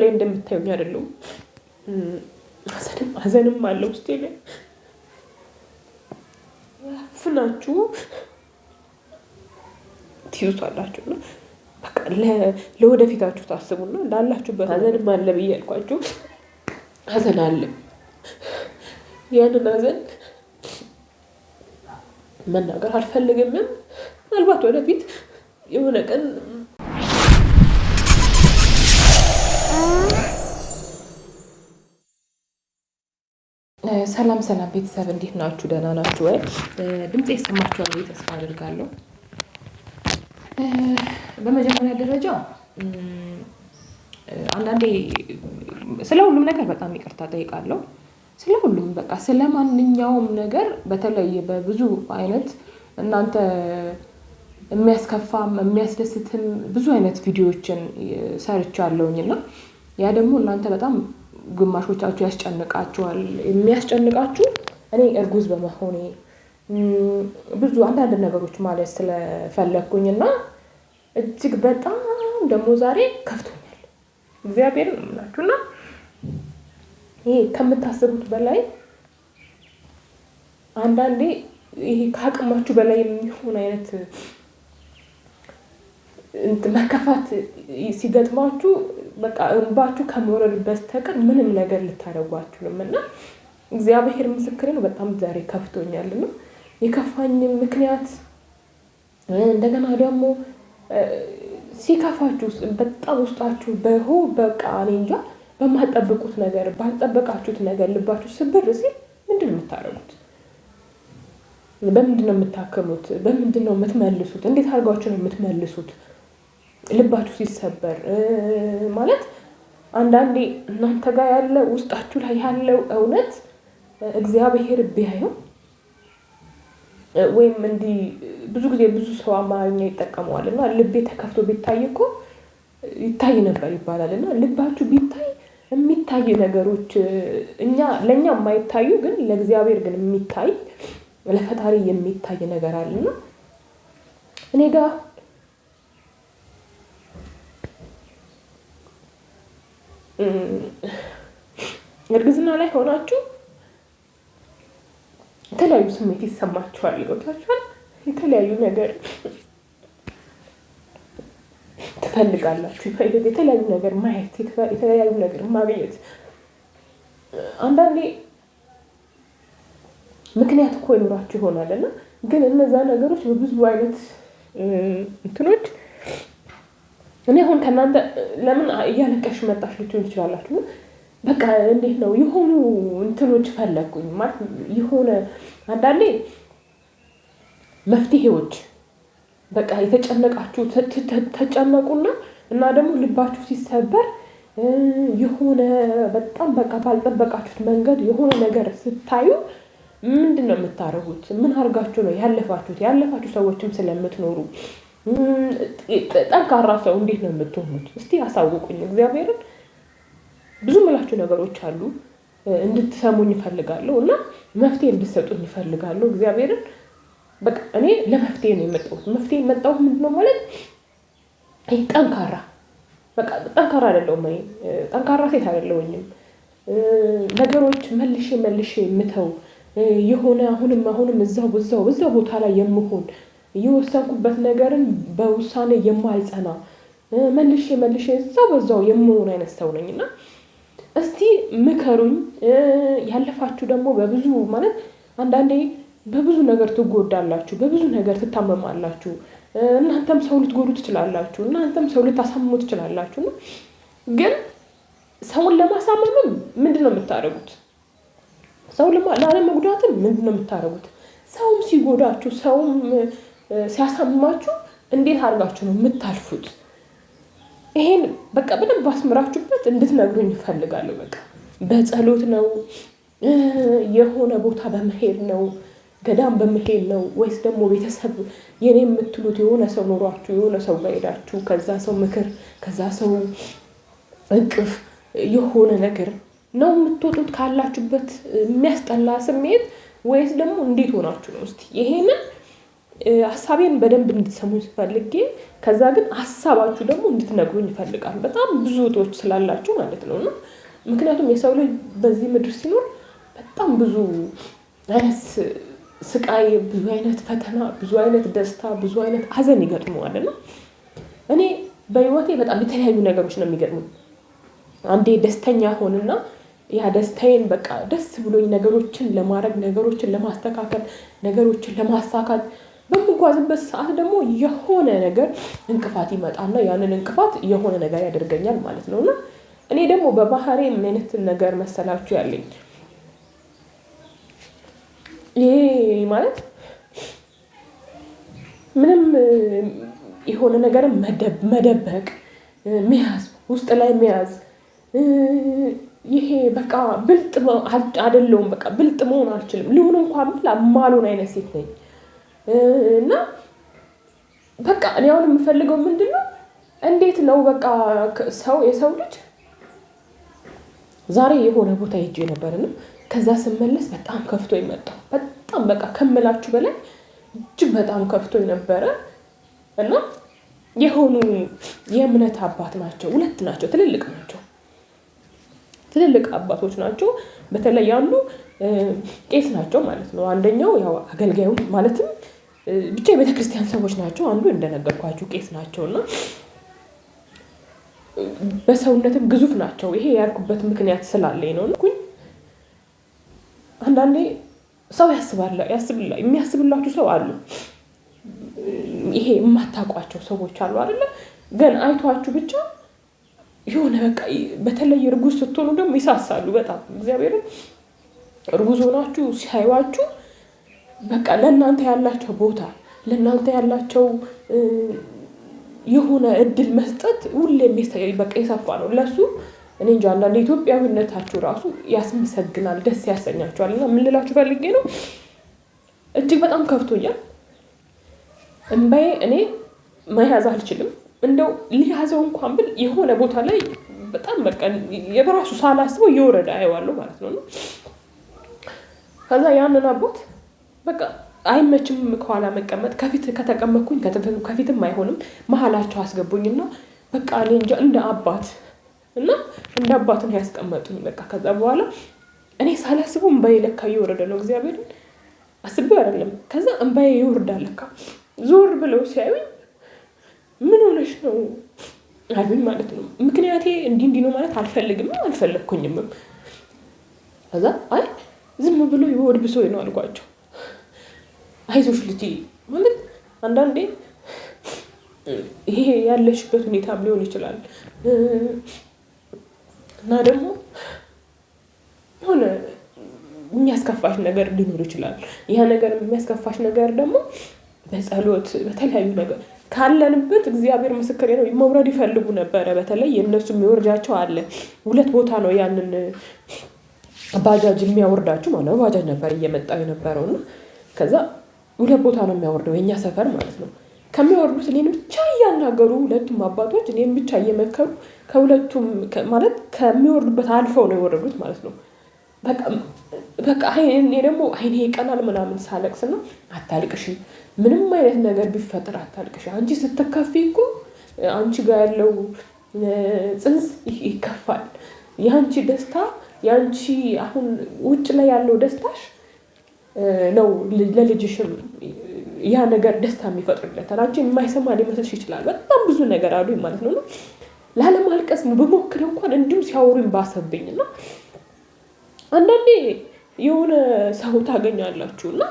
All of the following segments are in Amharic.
ላይ እንደምታዩኝ አይደለሁም። ሐዘንም ሐዘንም አለ ውስጤ ላይ ፍናችሁ ትይዙታላችሁ እና በቃ ለወደፊታችሁ ታስቡና ላላችሁበት ሐዘንም አለ ብዬ ያልኳችሁ ሐዘን አለ። ያንን ሐዘን መናገር አልፈልግምም። ምናልባት ወደፊት የሆነ ቀን ሰላም ሰላም ቤተሰብ እንዴት ናችሁ? ደህና ናችሁ ወይ? ድምፅ ይሰማችኋል ብዬ ተስፋ አድርጋለሁ። በመጀመሪያ ደረጃ አንዳንዴ ስለ ሁሉም ነገር በጣም ይቅርታ ጠይቃለሁ። ስለ ሁሉም በቃ ስለ ማንኛውም ነገር በተለይ በብዙ አይነት እናንተ የሚያስከፋም የሚያስደስትም ብዙ አይነት ቪዲዮዎችን ሰርቻለሁኝ እና ያ ደግሞ እናንተ በጣም ግማሾቻችሁ ያስጨንቃችኋል። የሚያስጨንቃችሁ እኔ እርጉዝ በመሆኔ ብዙ አንዳንድ ነገሮች ማለት ስለፈለግኩኝ እና እጅግ በጣም ደግሞ ዛሬ ከፍቶኛል። እግዚአብሔር እምላችሁ እና ይሄ ከምታስቡት በላይ አንዳንዴ ይሄ ከአቅማችሁ በላይ የሚሆን አይነት መከፋት ሲገጥማችሁ በቃ እንባችሁ ከመውረድ በስተቀር ምንም ነገር ልታደርጓችሁንም እና እግዚአብሔር ምስክሬ ነው። በጣም ዛሬ ከፍቶኛል ነው የከፋኝ ምክንያት እንደገና ደግሞ ሲከፋችሁ በጣም ውስጣችሁ በሆ በቃ እኔ እንጃ በማጠብቁት ነገር ባልጠበቃችሁት ነገር ልባችሁ ስብር ሲል ምንድን ነው የምታደርጉት? በምንድን ነው የምታክሙት? በምንድን ነው የምትመልሱት? እንዴት አድርጋችሁ ነው የምትመልሱት? ልባችሁ ሲሰበር ማለት አንዳንዴ እናንተ ጋር ያለ ውስጣችሁ ላይ ያለው እውነት እግዚአብሔር ቢያየው ወይም እንዲህ ብዙ ጊዜ ብዙ ሰው አማርኛ ይጠቀመዋል እና ልቤ ተከፍቶ ቢታይ እኮ ይታይ ነበር ይባላል እና ልባችሁ ቢታይ የሚታይ ነገሮች እኛ ለእኛ የማይታዩ ግን ለእግዚአብሔር ግን የሚታይ ለፈጣሪ የሚታይ ነገር አለና እኔ ጋር እርግዝና ላይ ሆናችሁ የተለያዩ ስሜት ይሰማችኋል፣ ይወታችኋል፣ የተለያዩ ነገር ትፈልጋላችሁ፣ የተለያዩ ነገር ማየት፣ የተለያዩ ነገር ማግኘት። አንዳንዴ ምክንያት እኮ ይኖራችሁ ይሆናል እና ግን እነዛ ነገሮች በብዙ አይነት እንትኖች እኔ አሁን ከእናንተ ለምን እያለቀሽ መጣሽ ልትሆን ትችላላችሁ። በቃ እንዴት ነው የሆኑ እንትኖች ፈለግኩኝ ማለት የሆነ አንዳንዴ መፍትሄዎች በቃ የተጨነቃችሁ ተጨነቁና እና ደግሞ ልባችሁ ሲሰበር የሆነ በጣም በቃ ባልጠበቃችሁት መንገድ የሆነ ነገር ስታዩ ምንድን ነው የምታደርጉት? ምን አድርጋችሁ ነው ያለፋችሁት? ያለፋችሁ ሰዎችም ስለምትኖሩ ጠንካራ ሰው እንዴት ነው የምትሆኑት? እስቲ አሳውቁኝ። እግዚአብሔርን ብዙ ምላችሁ ነገሮች አሉ እንድትሰሙኝ ይፈልጋለሁ እና መፍትሄ እንድትሰጡኝ ይፈልጋለሁ እግዚአብሔርን በቃ እኔ ለመፍትሄ ነው የመጣሁት። መፍትሄ የመጣሁት ምንድነው ማለት ይህ ጠንካራ በቃ ጠንካራ አይደለሁም። ወይ ጠንካራ ሴት አይደለሁኝም። ነገሮች መልሼ መልሼ የምተው የሆነ አሁንም አሁንም እዛው እዛው እዛው ቦታ ላይ የምሆን እየወሰንኩበት ነገርን በውሳኔ የማልጸና መልሼ መልሼ እዛው በዛው የምሆን አይነት ሰው ነኝ እና እስቲ ምከሩኝ። ያለፋችሁ ደግሞ በብዙ ማለት አንዳንዴ በብዙ ነገር ትጎዳላችሁ፣ በብዙ ነገር ትታመማላችሁ። እናንተም ሰው ልትጎዱ ትችላላችሁ፣ እናንተም ሰው ልታሳምሙ ትችላላችሁ። እና ግን ሰውን ለማሳመምም ምንድን ነው የምታደርጉት? ሰው ላለመጉዳትም ምንድን ነው የምታደርጉት? ሰውም ሲጎዳችሁ ሰውም ሲያሳምማችሁ እንዴት አድርጋችሁ ነው የምታልፉት? ይሄን በቃ በደንብ አስምራችሁበት እንድትነግሩኝ ይፈልጋለሁ። በቃ በጸሎት ነው የሆነ ቦታ በመሄድ ነው ገዳም በመሄድ ነው ወይስ ደግሞ ቤተሰብ የኔ የምትሉት የሆነ ሰው ኖሯችሁ የሆነ ሰው ጋር ሄዳችሁ ከዛ ሰው ምክር ከዛ ሰው እቅፍ የሆነ ነገር ነው የምትወጡት ካላችሁበት የሚያስጠላ ስሜት ወይስ ደግሞ እንዴት ሆናችሁ ነው? እስቲ ይሄንን ሀሳቤን በደንብ እንድትሰሙኝ ፈልጌ ከዛ ግን ሀሳባችሁ ደግሞ እንድትነግሩኝ ይፈልጋል። በጣም ብዙ እህቶች ስላላችሁ ማለት ነው። እና ምክንያቱም የሰው ልጅ በዚህ ምድር ሲኖር በጣም ብዙ አይነት ስቃይ፣ ብዙ አይነት ፈተና፣ ብዙ አይነት ደስታ፣ ብዙ አይነት ሀዘን ይገጥመዋል እና እኔ በህይወቴ በጣም የተለያዩ ነገሮች ነው የሚገጥሙ። አንዴ ደስተኛ ሆንና ያ ደስታዬን በቃ ደስ ብሎኝ ነገሮችን ለማድረግ ነገሮችን ለማስተካከል ነገሮችን ለማሳካት በምጓዝበት ሰዓት ደግሞ የሆነ ነገር እንቅፋት ይመጣና ያንን እንቅፋት የሆነ ነገር ያደርገኛል ማለት ነው። እና እኔ ደግሞ በባህሬ ምን አይነት ነገር መሰላችሁ ያለኝ ይሄ ማለት ምንም የሆነ ነገርን መደበቅ መያዝ ውስጥ ላይ መያዝ ይሄ በቃ ብልጥ አይደለሁም። በቃ ብልጥ መሆን አልችልም። ሊሆን እንኳን ብል ማልሆን አይነት ሴት ነኝ። እና በቃ እኔ አሁን የምፈልገው ምንድን ነው እንዴት ነው በቃ ሰው የሰው ልጅ ዛሬ የሆነ ቦታ ሄጄ ነበር እና ከዛ ስመለስ በጣም ከፍቶ ይመጣ በጣም በቃ ከምላችሁ በላይ እጅግ በጣም ከፍቶ ነበረ እና የሆኑ የእምነት አባት ናቸው። ሁለት ናቸው፣ ትልልቅ ናቸው። ትልልቅ አባቶች ናቸው። በተለይ ያሉ ቄስ ናቸው ማለት ነው። አንደኛው ያው አገልጋዩ ማለትም ብቻ የቤተክርስቲያን ሰዎች ናቸው። አንዱ እንደነገርኳችሁ ቄስ ናቸው እና በሰውነትም ግዙፍ ናቸው። ይሄ ያልኩበት ምክንያት ስላለኝ ነው። ኩኝ አንዳንዴ ሰው የሚያስብላችሁ ሰው አሉ። ይሄ የማታውቋቸው ሰዎች አሉ አይደለ? ገና አይቷችሁ ብቻ የሆነ በቃ በተለይ እርጉዝ ስትሆኑ ደግሞ ይሳሳሉ በጣም እግዚአብሔርን እርጉዝ ሆናችሁ ሲያዩችሁ በቃ ለእናንተ ያላቸው ቦታ ለእናንተ ያላቸው የሆነ እድል መስጠት ሁሌም በቃ የሰፋ ነው ለሱ እኔ እንጂ አንዳንድ ኢትዮጵያዊነታችሁ ራሱ ያስመሰግናል፣ ደስ ያሰኛችኋል። እና የምንላችሁ ፈልጌ ነው። እጅግ በጣም ከፍቶኛል። እምባዬ እኔ መያዝ አልችልም። እንደው ሊያዘው እንኳን ብል የሆነ ቦታ ላይ በጣም በቃ የበራሱ ሳላስበው እየወረደ አየዋለሁ ማለት ነው። ከዛ ያንን አቦት በቃ አይመችም ከኋላ መቀመጥ፣ ከፊት ከተቀመጥኩኝ ከፊትም አይሆንም መሀላቸው አስገቡኝና በቃ እኔ እንጃ እንደ አባት እና እንደ አባት ነው ያስቀመጡኝ። በቃ ከዛ በኋላ እኔ ሳላስበው እንባዬ ለካ እየወረደ ነው። እግዚአብሔርን አስቤው አይደለም። ከዛ እንባዬ ይወርዳል ለካ ዞር ብለው ሲያዩኝ ምን ሆነሽ ነው አሉኝ ማለት ነው። ምክንያቴ እንዲህ እንዲህ ነው ማለት አልፈልግም አልፈለግኩኝምም። ከዛ አይ ዝም ብሎ ይወድ ብሶ ነው አልኳቸው። አይዞሽ ልጅ ማለት አንዳንዴ ይሄ ያለሽበት ሁኔታም ሊሆን ይችላል እና ደግሞ የሆነ የሚያስከፋሽ ነገር ሊኖር ይችላል። ያ ነገር የሚያስከፋሽ ነገር ደግሞ በጸሎት በተለያዩ ነገር ካለንበት እግዚአብሔር ምስክር ነው መውረድ ይፈልጉ ነበረ። በተለይ የእነሱ የሚወርጃቸው አለ። ሁለት ቦታ ነው ያንን ባጃጅ የሚያወርዳችሁ ማለት ነው። ባጃጅ ነበር እየመጣው የነበረው እና ከዛ ሁለት ቦታ ነው የሚያወርደው የእኛ ሰፈር ማለት ነው። ከሚያወርዱት እኔን ብቻ እያናገሩ ሁለቱም አባቶች እኔን ብቻ እየመከሩ ከሁለቱም ማለት ከሚወርዱበት አልፈው ነው የወረዱት ማለት ነው። በቃ እኔ ደግሞ አይኔ ቀላል ምናምን ሳለቅስ እና አታልቅሽ፣ ምንም አይነት ነገር ቢፈጠር አታልቅሽ። አንቺ ስትከፊ እኮ አንቺ ጋር ያለው ጽንስ ይከፋል። የአንቺ ደስታ የአንቺ አሁን ውጭ ላይ ያለው ደስታሽ ነው ለልጅሽም ያ ነገር ደስታ የሚፈጥርለታል። አንቺ የማይሰማ ሊመስልሽ ይችላል። በጣም ብዙ ነገር አሉኝ ማለት ነው። ላለማልቀስ በሞክር እንኳን እንዲሁም ሲያወሩኝ ባሰብኝ እና አንዳንዴ የሆነ ሰው ታገኛላችሁ እና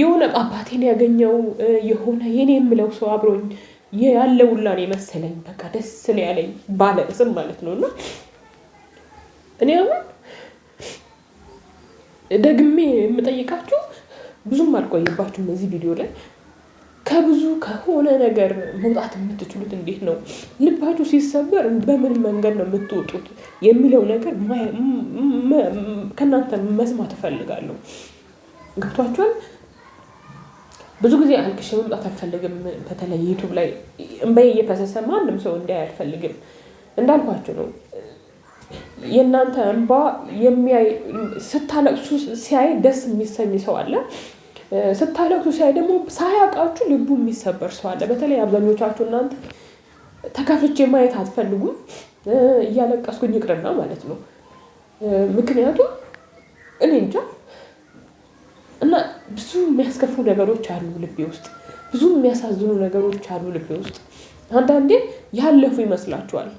የሆነ አባቴን ያገኘው የሆነ የኔ የምለው ሰው አብሮኝ ያለውላን የመሰለኝ በቃ ደስ ነው ያለኝ ባለቅስም ማለት ነው። እና እኔ አሁን ደግሜ የምጠይቃችሁ ብዙም አልቆይባችሁም እዚህ ቪዲዮ ላይ ከብዙ ከሆነ ነገር መውጣት የምትችሉት እንዴት ነው? ልባችሁ ሲሰበር በምን መንገድ ነው የምትወጡት የሚለው ነገር ከእናንተ መስማት እፈልጋለሁ። ገብቷችኋል? ብዙ ጊዜ አልቅሼ መምጣት አልፈልግም። በተለይ ዩቱብ ላይ እምባዬ እየፈሰሰ ማንም ሰው እንዲያይ አልፈልግም። እንዳልኳቸው ነው። የእናንተ እንባ ስታለቅሱ ሲያይ ደስ የሚሰኝ ሰው አለ። ስታለቅሱ ሲያይ ደግሞ ሳያውቃችሁ ልቡ የሚሰበር ሰው አለ። በተለይ አብዛኞቻችሁ እናንተ ተከፍቼ ማየት አትፈልጉም። እያለቀስኩኝ ይቅርና ማለት ነው። ምክንያቱም እኔ እንጃ እና ብዙ የሚያስከፉ ነገሮች አሉ ልቤ ውስጥ፣ ብዙ የሚያሳዝኑ ነገሮች አሉ ልቤ ውስጥ። አንዳንዴ ያለፉ ይመስላችኋል።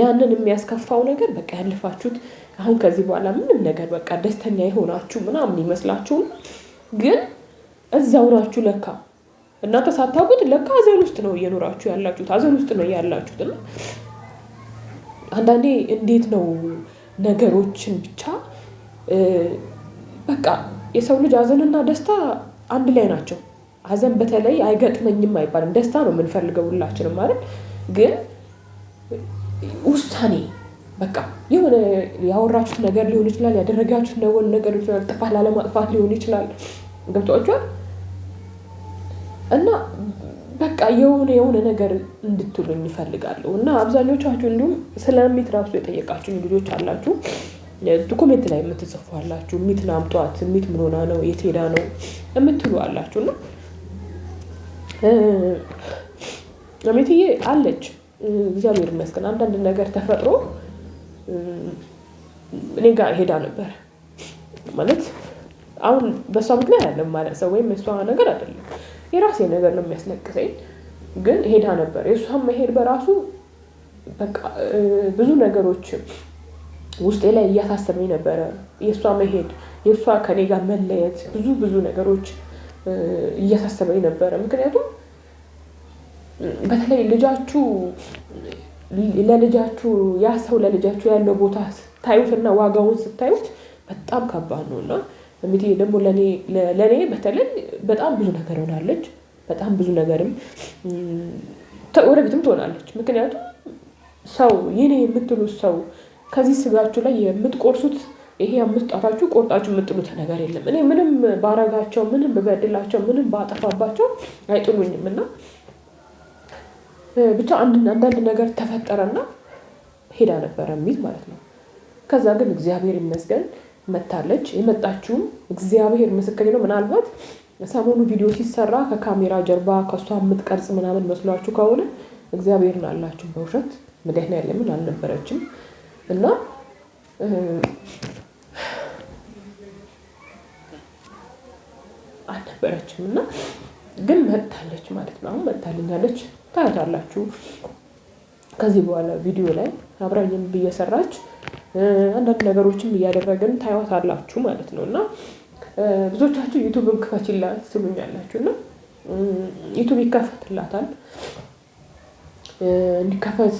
ያንን የሚያስከፋው ነገር በቃ ያለፋችሁት አሁን ከዚህ በኋላ ምንም ነገር በቃ ደስተኛ የሆናችሁ ምናምን ይመስላችሁም ግን እዛ ውራችሁ ለካ እናንተ ሳታውቁት ለካ አዘን ውስጥ ነው እየኖራችሁ ያላችሁት፣ አዘን ውስጥ ነው ያላችሁት። እና አንዳንዴ እንዴት ነው ነገሮችን ብቻ በቃ የሰው ልጅ ሀዘንና ደስታ አንድ ላይ ናቸው። ሀዘን በተለይ አይገጥመኝም አይባልም። ደስታ ነው የምንፈልገው ሁላችንም ማለት ግን ውሳኔ በቃ የሆነ ያወራችሁት ነገር ሊሆን ይችላል፣ ያደረጋችሁት ነገር ሊሆን ይችላል፣ ጥፋት ላለማጥፋት ሊሆን ይችላል ገብቷችኋል። እና በቃ የሆነ የሆነ ነገር እንድትሉኝ ይፈልጋለሁ። እና አብዛኞቻችሁ እንዲሁም ስለ ሚት ራሱ የጠየቃችሁ ልጆች አላችሁ፣ ዶኩሜንት ላይ የምትጽፉ አላችሁ። ሚት ናምጧት፣ ሚት ምን ሆና ነው፣ የት ሄዳ ነው የምትሉ አላችሁ። እና ሚትዬ አለች፣ እግዚአብሔር ይመስገን። አንዳንድ ነገር ተፈጥሮ እኔ ጋር ሄዳ ነበር ማለት አሁን በእሷ ምክንያት ያለ ማለት ሰው ወይም የእሷ ነገር አይደለም የራሴ ነገር ነው የሚያስለቅሰኝ። ግን ሄዳ ነበር። የእሷን መሄድ በራሱ በቃ ብዙ ነገሮች ውስጤ ላይ እያሳሰበኝ ነበረ። የእሷ መሄድ፣ የእሷ ከኔ ጋር መለየት ብዙ ብዙ ነገሮች እያሳሰበኝ ነበረ። ምክንያቱም በተለይ ልጃችሁ ለልጃችሁ ያ ሰው ለልጃችሁ ያለው ቦታ ስታዩት እና ዋጋውን ስታዩት በጣም ከባድ ነው እና እንግዲህ ደግሞ ለእኔ በተለይ በጣም ብዙ ነገር ሆናለች። በጣም ብዙ ነገርም ወደፊትም ትሆናለች። ምክንያቱም ሰው የኔ የምትሉት ሰው ከዚህ ስጋችሁ ላይ የምትቆርሱት ይሄ አምስት ጣታችሁ ቆርጣችሁ የምጥሉት ነገር የለም። እኔ ምንም ባረጋቸው፣ ምንም በበድላቸው፣ ምንም ባጠፋባቸው አይጥሉኝም እና ብቻ አንዳንድ ነገር ተፈጠረና ሄዳ ነበረ የሚል ማለት ነው። ከዛ ግን እግዚአብሔር ይመስገን መታለች። የመጣችውም እግዚአብሔር ምስክሬ ነው። ምናልባት ሰሞኑ ቪዲዮ ሲሰራ ከካሜራ ጀርባ ከእሷ የምትቀርጽ ምናምን መስሏችሁ ከሆነ እግዚአብሔርን አላችሁ። በውሸት ያለምን አልነበረችም እና አልነበረችም እና ግን መታለች ማለት ነው። አሁን መታልኛለች ታያታላችሁ ከዚህ በኋላ ቪዲዮ ላይ አብራኝም ብየሰራች አንዳንድ ነገሮችም እያደረግን ታይዋት አላችሁ ማለት ነው እና ብዙዎቻችሁ ዩቱብም ክፈችላ ትሉኛላችሁ እና ዩቱብ ይከፈትላታል እንዲከፈት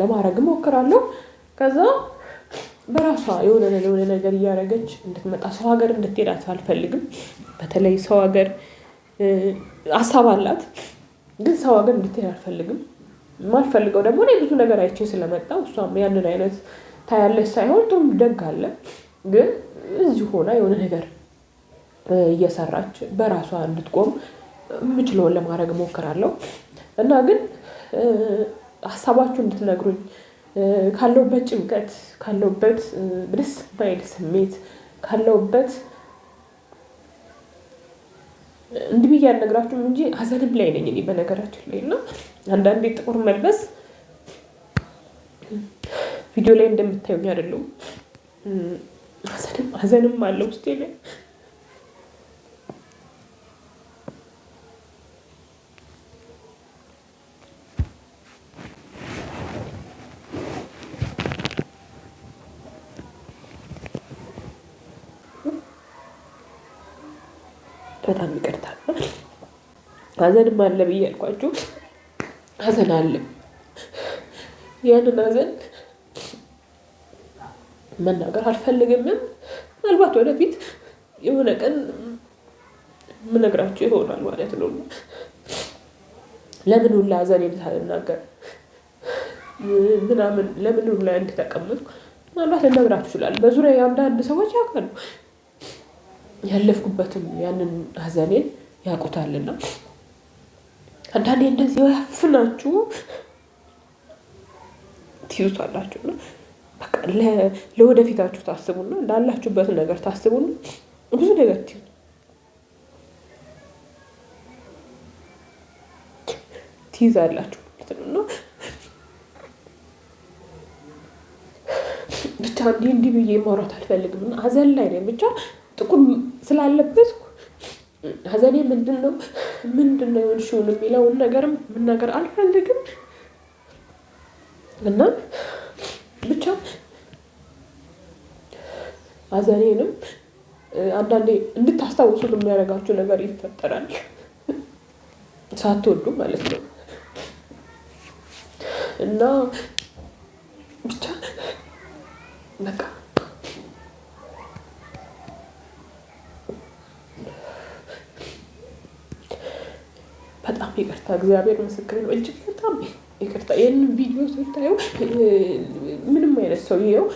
ለማድረግ እሞክራለሁ። ከዛ በራሷ የሆነ የሆነ ነገር እያደረገች እንድትመጣ ሰው ሀገር እንድትሄዳት አልፈልግም። በተለይ ሰው ሀገር አሳብ አላት፣ ግን ሰው ሀገር እንድትሄድ አልፈልግም። የማልፈልገው ደግሞ እኔ ብዙ ነገር አይቼ ስለመጣ እሷም ያንን አይነት ታያለች ሳይሆን ጥሩ ደግ አለ። ግን እዚሁ ሆና የሆነ ነገር እየሰራች በራሷ እንድትቆም የምችለውን ለማድረግ እሞክራለሁ እና ግን ሀሳባችሁ እንድትነግሩኝ ካለውበት ጭንቀት ካለውበት ደስ የማይል ስሜት ካለውበት እንዲህ ብዬ አልነግራችሁም እንጂ ሀዘንም ላይ ነኝ እኔ በነገራችን ላይ እና አንዳንዴ ጥቁር መልበስ ቪዲዮ ላይ እንደምታዩኝ አይደለሁም። ሀዘንም አለ ውስጤ ላይ በጣም ይቅርታ፣ ሀዘንም አለ ብዬ አልኳችሁ። ሀዘን አለ ያንን ሀዘን መናገር አልፈልግምም። ምናልባት ወደፊት የሆነ ቀን ምነግራቸው ይሆናል ማለት ነው። ለምን ሁላ ዘን ልታልናገር ምናምን ለምን ሁላ እንደተቀመጥኩ ምናልባት ልነግራችሁ ይችላል። በዙሪያ የአንዳንድ ሰዎች ያውቃሉ ያለፍኩበትን ያንን ሐዘኔን ያውቁታልና አንዳንዴ እንደዚህ ያፍናችሁ ትይዙታላችሁ ነው። ለወደፊታችሁ ታስቡና ላላችሁበት ነገር ታስቡና ብዙ ነገር ትሆን ትይዛላችሁ ማለት ነው እና ብቻ እንዲህ እንዲህ ብዬ ማውራት አልፈልግም እና ሀዘን ላይ ነኝ ብቻ ጥቁር ስላለበት ሀዘኔ ምንድን ነው ምንድን ነው የሆንሽውን የሚለውን ነገርም ነገር አልፈልግም እና ብቻ አዘኔንም አንዳንዴ እንድታስታውሱት የሚያደርጋችሁ ነገር ይፈጠራል፣ ሳትወዱ ማለት ነው። እና ብቻ በቃ በጣም ይቅርታ፣ እግዚአብሔር ምስክር ነው። እጅግ በጣም ይቅርታ። ይህንን ቪዲዮ ስታየው ምንም አይነት ሰው ይኸው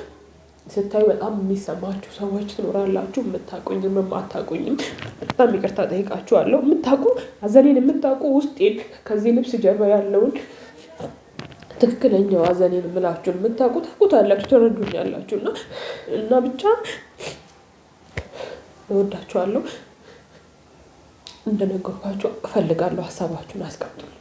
ስታዩ በጣም የሚሰማችሁ ሰዎች ትኖራላችሁ። የምታቁኝም የማታቁኝም በጣም ይቅርታ ጠይቃችኋለሁ። የምታቁ አዘኔን የምታቁ ውስጤን ከዚህ ልብስ ጀርባ ያለውን ትክክለኛው አዘኔን ምላችሁን የምታቁ ታቁታላችሁ፣ ትረዱኛላችሁ እና እና ብቻ እወዳችኋለሁ። እንደነገርኳችሁ እፈልጋለሁ። ሀሳባችሁን አስቀምጡልኝ።